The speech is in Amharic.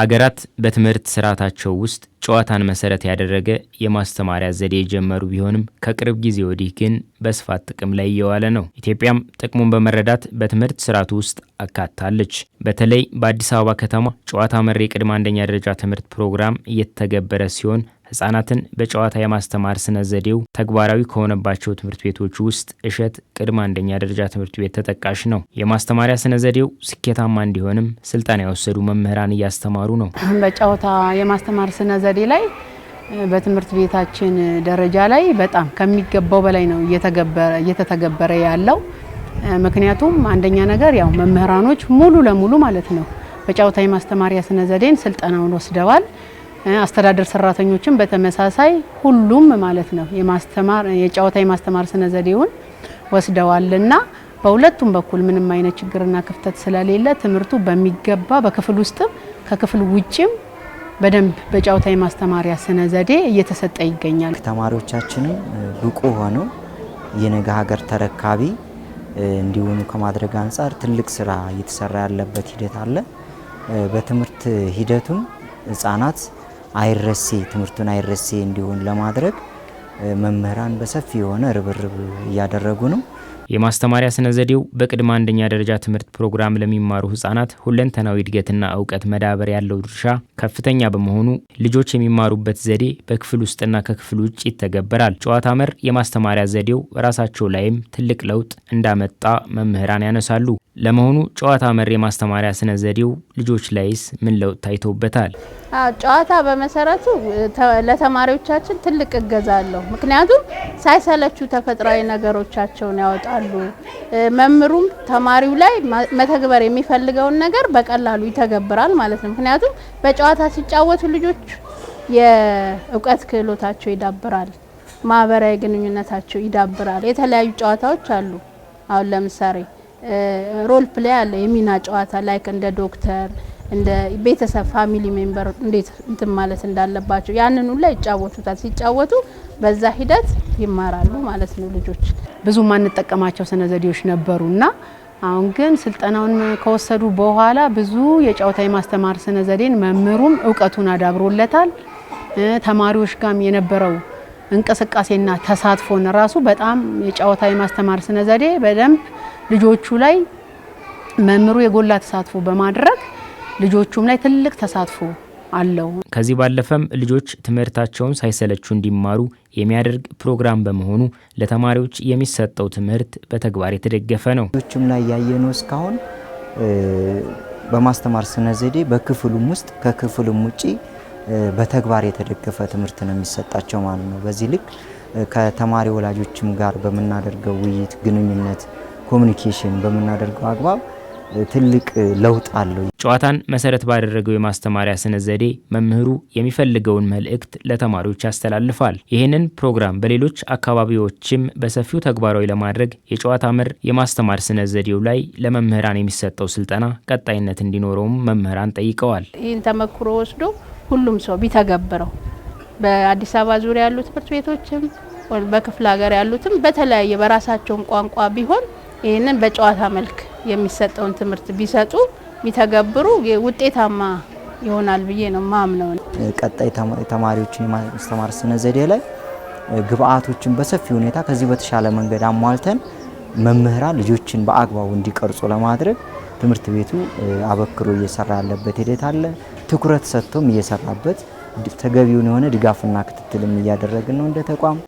ሀገራት በትምህርት ስርዓታቸው ውስጥ ጨዋታን መሰረት ያደረገ የማስተማሪያ ዘዴ የጀመሩ ቢሆንም ከቅርብ ጊዜ ወዲህ ግን በስፋት ጥቅም ላይ እየዋለ ነው። ኢትዮጵያም ጥቅሙን በመረዳት በትምህርት ስርዓቱ ውስጥ አካታለች። በተለይ በአዲስ አበባ ከተማ ጨዋታ መሪ የቅድመ አንደኛ ደረጃ ትምህርት ፕሮግራም እየተተገበረ ሲሆን ህጻናትን በጨዋታ የማስተማር ስነ ዘዴው ተግባራዊ ከሆነባቸው ትምህርት ቤቶች ውስጥ እሸት ቅድመ አንደኛ ደረጃ ትምህርት ቤት ተጠቃሽ ነው። የማስተማሪያ ስነ ዘዴው ስኬታማ እንዲሆንም ስልጠና የወሰዱ መምህራን እያስተማሩ ነው። በጨዋታ የማስተማር ስነ ዘዴ ላይ በትምህርት ቤታችን ደረጃ ላይ በጣም ከሚገባው በላይ ነው እየተተገበረ ያለው። ምክንያቱም አንደኛ ነገር ያው መምህራኖች ሙሉ ለሙሉ ማለት ነው በጨዋታ የማስተማሪያ ስነ ዘዴን ስልጠናውን ወስደዋል። አስተዳደር ሰራተኞችን በተመሳሳይ ሁሉም ማለት ነው የማስተማር የጨዋታ የማስተማር ስነ ዘዴውን ወስደዋልና በሁለቱም በኩል ምንም አይነት ችግርና ክፍተት ስለሌለ ትምህርቱ በሚገባ በክፍል ውስጥም ከክፍል ውጭም በደንብ በጨዋታ የማስተማሪያ ስነ ዘዴ እየተሰጠ ይገኛል። ተማሪዎቻችንም ብቁ ሆነው የነገ ሀገር ተረካቢ እንዲሆኑ ከማድረግ አንጻር ትልቅ ስራ እየተሰራ ያለበት ሂደት አለ። በትምህርት ሂደቱም ህጻናት አይረሴ ትምህርቱን አይረሴ እንዲሆን ለማድረግ መምህራን በሰፊ የሆነ ርብርብ እያደረጉ ነው። የማስተማሪያ ስነ ዘዴው በቅድመ አንደኛ ደረጃ ትምህርት ፕሮግራም ለሚማሩ ህጻናት ሁለንተናዊ እድገትና እውቀት መዳበር ያለው ድርሻ ከፍተኛ በመሆኑ ልጆች የሚማሩበት ዘዴ በክፍል ውስጥና ከክፍል ውጭ ይተገበራል። ጨዋታ መር የማስተማሪያ ዘዴው ራሳቸው ላይም ትልቅ ለውጥ እንዳመጣ መምህራን ያነሳሉ። ለመሆኑ ጨዋታ መር የማስተማሪያ ስነ ዘዴው ልጆች ላይስ ምን ለውጥ ታይቶበታል? ጨዋታ በመሰረቱ ለተማሪዎቻችን ትልቅ እገዛ አለው። ምክንያቱም ሳይሰለቹ ተፈጥሯዊ ነገሮቻቸውን ያወጣሉ። መምህሩም ተማሪው ላይ መተግበር የሚፈልገውን ነገር በቀላሉ ይተገብራል ማለት ነው። ምክንያቱም በጨዋታ ሲጫወቱ ልጆች የእውቀት ክህሎታቸው ይዳብራል፣ ማህበራዊ ግንኙነታቸው ይዳብራል። የተለያዩ ጨዋታዎች አሉ። አሁን ለምሳሌ ሮል ፕሌይ አለ፣ የሚና ጨዋታ ላይክ እንደ ዶክተር እንደ ቤተሰብ ፋሚሊ ሜምበር እንዴት እንትን ማለት እንዳለባቸው ያንን ሁላ ይጫወቱታል። ሲጫወቱ በዛ ሂደት ይማራሉ ማለት ነው። ልጆች ብዙ ማንጠቀማቸው ስነ ዘዴዎች ነበሩ እና አሁን ግን ስልጠናውን ከወሰዱ በኋላ ብዙ የጨዋታ የማስተማር ስነ ዘዴን መምህሩም እውቀቱን አዳብሮለታል። ተማሪዎች ጋም የነበረው እንቅስቃሴና ተሳትፎን ራሱ በጣም የጨዋታ የማስተማር ስነ ዘዴ በደንብ ልጆቹ ላይ መምህሩ የጎላ ተሳትፎ በማድረግ ልጆቹም ላይ ትልቅ ተሳትፎ አለው። ከዚህ ባለፈም ልጆች ትምህርታቸውን ሳይሰለቹ እንዲማሩ የሚያደርግ ፕሮግራም በመሆኑ ለተማሪዎች የሚሰጠው ትምህርት በተግባር የተደገፈ ነው። ልጆቹም ላይ ያየነው እስካሁን በማስተማር ስነ ዘዴ በክፍሉም ውስጥ ከክፍሉም ውጪ በተግባር የተደገፈ ትምህርት ነው የሚሰጣቸው ማለት ነው። በዚህ ልክ ከተማሪ ወላጆችም ጋር በምናደርገው ውይይት ግንኙነት ኮሚኒኬሽን በምናደርገው አግባብ ትልቅ ለውጥ አለው። ጨዋታን መሰረት ባደረገው የማስተማሪያ ስነ ዘዴ መምህሩ የሚፈልገውን መልእክት ለተማሪዎች ያስተላልፋል። ይህንን ፕሮግራም በሌሎች አካባቢዎችም በሰፊው ተግባራዊ ለማድረግ የጨዋታ መር የማስተማር ስነ ዘዴው ላይ ለመምህራን የሚሰጠው ስልጠና ቀጣይነት እንዲኖረውም መምህራን ጠይቀዋል። ይህን ተመክሮ ወስዶ ሁሉም ሰው ቢተገብረው በአዲስ አበባ ዙሪያ ያሉ ትምህርት ቤቶችም በክፍለ ሀገር ያሉትም በተለያየ በራሳቸውን ቋንቋ ቢሆን ይህንን በጨዋታ መልክ የሚሰጠውን ትምህርት ቢሰጡ ቢተገብሩ ውጤታማ ይሆናል ብዬ ነው ማምነው። ቀጣይ ተማሪዎችን የማስተማር ስነ ዘዴ ላይ ግብአቶችን በሰፊ ሁኔታ ከዚህ በተሻለ መንገድ አሟልተን መምህራን ልጆችን በአግባቡ እንዲቀርጹ ለማድረግ ትምህርት ቤቱ አበክሮ እየሰራ ያለበት ሂደት አለ። ትኩረት ሰጥቶም እየሰራበት ተገቢውን የሆነ ድጋፍና ክትትልም እያደረግን ነው እንደ ተቋም።